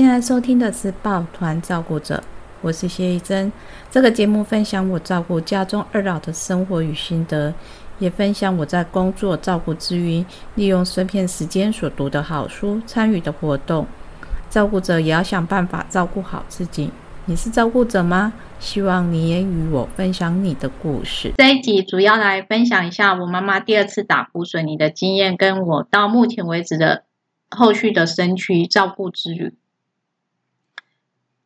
現在收聽的是《抱團照顧者》，我是謝宜珍，這個節目分享我照顧家中二老的生活與心得，也分享我在工作照顧之餘，利用碎片時間所讀的好書、參與的活動。照顧者也要想辦法照顧好自己。你是照顧者嗎？希望你也與我分享你的故事。這一集主要來分享一下我媽媽第二次打骨水泥的經驗，跟我到目前為止的後續的神奇照顧之旅。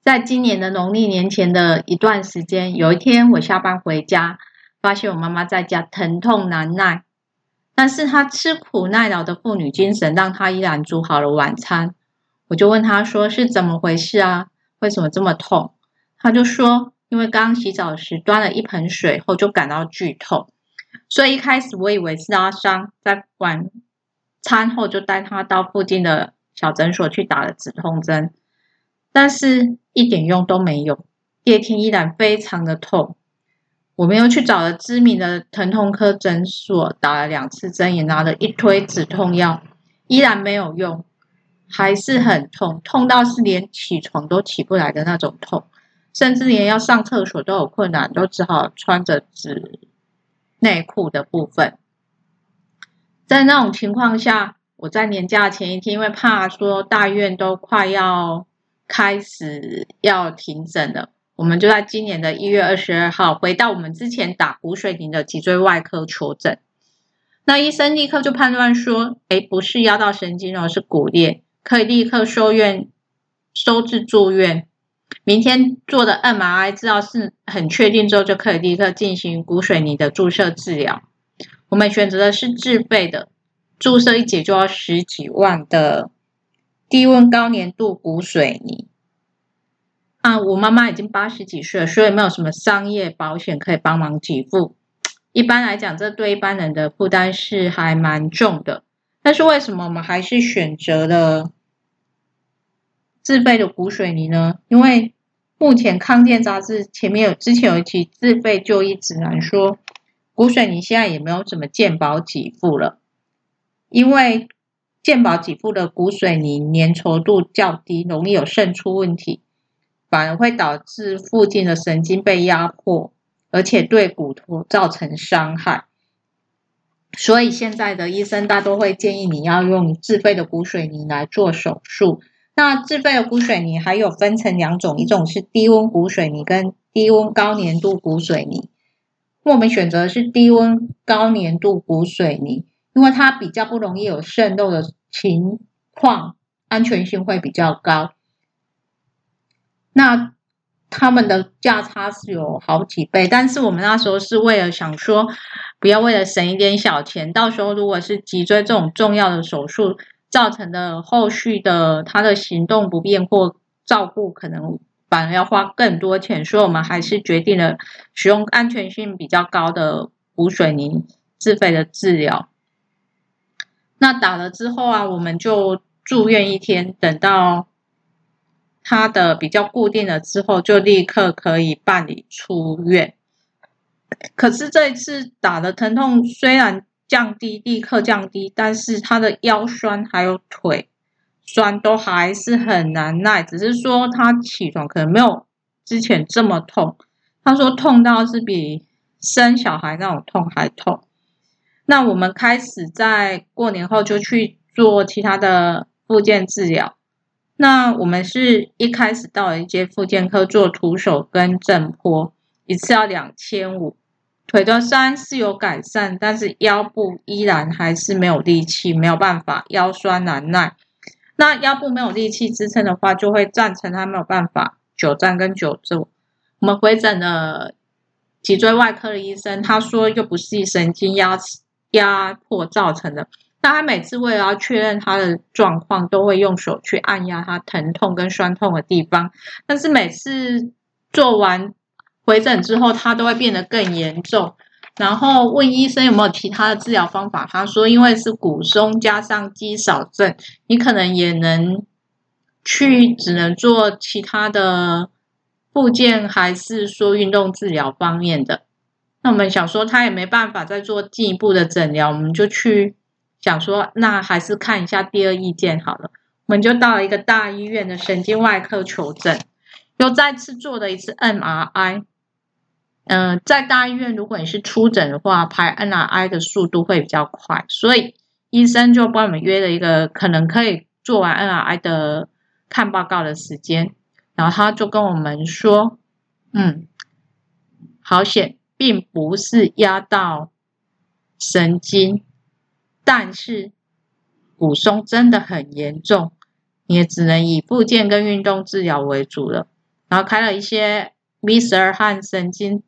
在今年的農曆年前的一段時間，有一天我下班回家，發現我媽媽在家疼痛難耐。但是她吃苦耐勞的婦女精神，讓她依然煮好了晚餐。我就問她說：“是怎麼回事啊？為什麼這麼痛？”她就說：“因為剛洗澡時端了一盆水後就感到劇痛。”所以一開始我以為是拉傷，在晚餐後就帶她到附近的小診所去打了止痛針。但是，一點用都沒有，第二天依然非常的痛。我們又去找了知名的疼痛科診所，打了兩次針，也拿了一堆止痛藥，依然沒有用，還是很痛，痛到是連起床都起不來的那種痛，甚至連要上廁所都有困難，都只好穿着紙內褲的部分。在那種情況下，我在年假前一天，因為怕說大醫院都快要開始要停診了，我們就在今年的一月二十二號回到我們之前打骨水泥的脊椎外科求診，那醫生立刻就判斷說，誒，不是壓到神經哦，是骨裂，可以立刻收院收治住院，明天做的 MRI 治療是很確定之後就可以立刻進行骨水泥的注射治療。我們選擇的是自費的，注射一節就要十幾萬的。低溫高粘度骨水泥。啊，我媽媽已經八十幾歲了，所以沒有什麼商業保險可以幫忙給付。一般來講，這對一般人的負擔是還蠻重的。但是為什麼我們還是選擇了自費的骨水泥呢？因為目前《康健》雜誌前面有之前有一期自費就醫指南說，骨水泥現在也沒有什麼健保給付了，因為。健保給付的骨水泥粘稠度較低，容易有滲出問題，反而會導致附近的神經被壓迫，而且對骨頭造成傷害。所以現在的醫生大多會建議你要用自費的骨水泥來做手術。那自費的骨水泥還有分成兩種，一種是低溫骨水泥，跟低溫高粘度骨水泥。我們選擇的是低溫高粘度骨水泥。因為它比較不容易有滲漏的情況，安全性會比較高。那他們的價差是有好幾倍，但是我們那時候是為了想說，不要為了省一點小錢，到時候如果是脊椎這種重要的手術造成的後續的他的行動不便或照顧，可能反而要花更多錢，所以我們還是決定了使用安全性比較高的骨水泥自費的治療。那打了之後啊，我們就住院一天，等到他的比較固定了之後，就立刻可以辦理出院。可是這一次打的疼痛雖然降低，立刻降低，但是他的腰酸還有腿酸都還是很難耐，只是說他起床可能沒有之前這麼痛。他說痛倒是比生小孩那種痛還痛。那我們開始在過年後就去做其他的復健治療。那我們是一開始到一些復健科做徒手跟震波，一次要兩千五。腿端雖然是有改善，但是腰部依然還是沒有力氣，沒有辦法，腰酸難耐。那腰部沒有力氣支撐的話，就會造成他沒有辦法久站跟久坐。我們回診了脊椎外科的醫生，他說又不是神經壓迫壓迫造成的。那他每次為了要確認他的狀況，都會用手去按壓他疼痛跟酸痛的地方。但是每次做完回診之後，他都會變得更嚴重。然後問醫生有沒有其他的治療方法，他說因為是骨鬆加上肌少症，你可能也能去只能做其他的復健，還是說運動治療方面的。那我們想說，他也沒辦法再做進一步的診療，我們就去想說，那還是看一下第二意見好了。我們就到了一個大醫院的神經外科求診，又再次做了一次 MRI。嗯、呃，在大醫院，如果你是初診的話，排 MRI 的速度會比較快，所以醫生就幫我們約了一個可能可以做完 MRI 的看報告的時間。然後他就跟我們說，嗯，好險。並不是壓到神經，但是骨鬆真的很嚴重，也只能以復健跟運動治療為主了。然後開了一些 B12 和神經，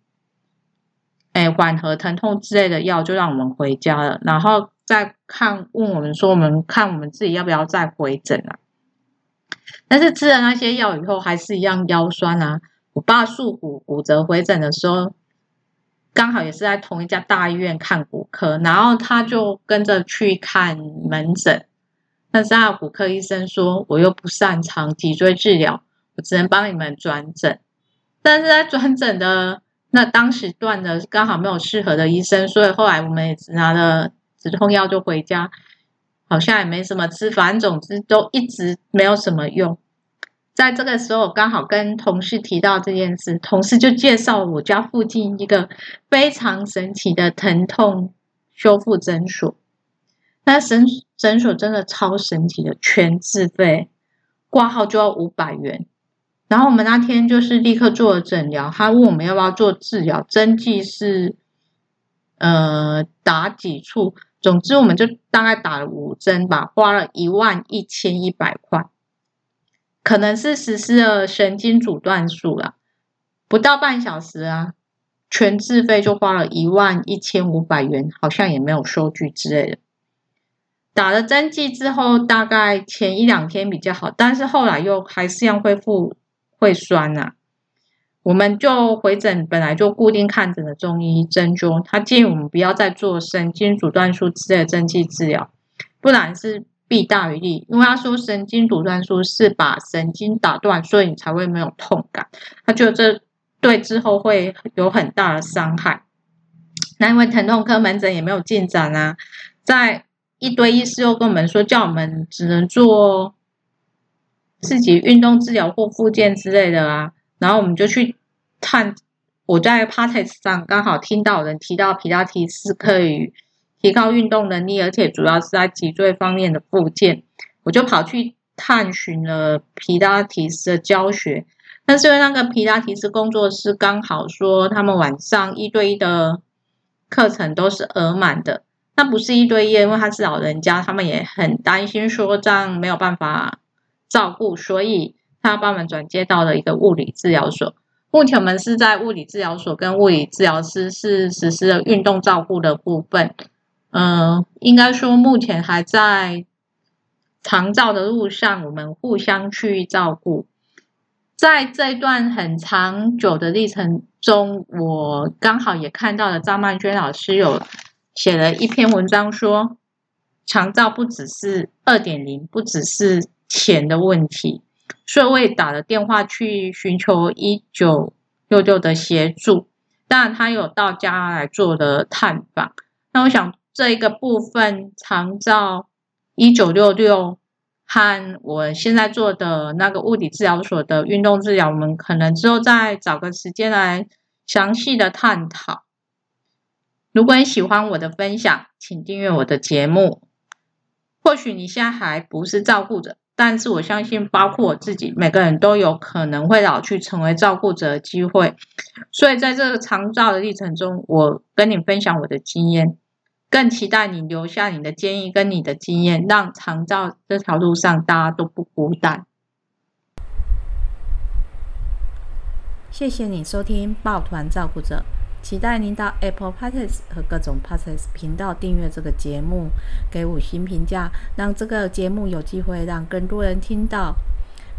哎、欸，緩和疼痛之類的藥，就讓我們回家了。然後再看問我們說，我們看我們自己要不要再回診啊？但是吃了那些藥以後，還是一樣腰酸啊。我爸豎骨骨折回診的時候，剛好也是在同一家大醫院看骨科，然後他就跟着去看門診，但是他的骨科醫生說，我又不擅長脊椎治療，我只能幫你們轉診。但是在轉診的那當時段的剛好沒有適合的醫生，所以後來我們也只拿了止痛藥就回家，好像也沒什麼吃，反正總之都一直沒有什麼用。在這個時候，剛好跟同事提到這件事，同事就介紹我家附近一個非常神奇的疼痛修復診所。那診診所真的超神奇的，全自費，掛號就要五百元。然後我們那天就是立刻做了診療，他問我們要不要做治療，針劑是呃打幾處，總之我們就大概打了五針吧，花了一萬一千一百塊。可能是實施了神經阻斷術啦，不到半小時啊，全自費就花了一萬一千五百元，好像也沒有收據之類的。打了針劑之後，大概前一兩天比較好，但是後來又還是要恢復，會酸吶、啊。我們就回診，本來就固定看診的中醫針灸，他建議我們不要再做神經阻斷術之類的針劑治療，不然是。弊大於利，因為他說神經阻斷術是把神經打斷，所以你才會沒有痛感。他覺得這對之後會有很大的傷害。那因為疼痛科門診也沒有進展啊，在一堆醫師又跟我們說，叫我們只能做自己運動治療或復健之類的啊。然後我們就去看，我在 p a t i e s 上剛好聽到有人提到皮拉提斯可以。提高運動能力，而且主要是在脊椎方面的復健，我就跑去探尋了皮拉提斯的教學。但是因為那個皮拉提斯工作室剛好說，他們晚上一對一的課程都是額滿的。那不是一對一，因為他是老人家，他們也很擔心說這樣沒有辦法照顧，所以他幫我們轉接到了一個物理治療所。目前我們是在物理治療所跟物理治療師是實施了運動照顧的部分。嗯、呃，應該說目前還在長照的路上，我們互相去照顧。在這段很長久的歷程中，我剛好也看到了張曼娟老師有寫了一篇文章說，說長照不只是2.0，不只是錢的問題。所以我也打了電話去尋求1966的協助，當然他有到家來做的探訪。那我想。這一個部分，長照1966和我現在做的那個物理治療所的運動治療，我們可能之後再找個時間來詳細的探討。如果你喜歡我的分享，請訂閱我的節目。或許你現在還不是照顧者，但是我相信，包括我自己，每個人都有可能會老去，成為照顧者的機會。所以，在這個長照的歷程中，我跟你分享我的經驗。更期待你留下你的建議跟你的經驗，讓長照這條路上大家都不孤單。謝謝你收聽《抱團照顧者》，期待您到 Apple Podcasts 和各種 Podcast 頻道訂閱這個節目，給五星評價，讓這個節目有機會讓更多人聽到，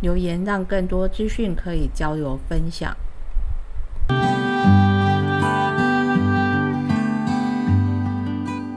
留言讓更多資訊可以交流分享。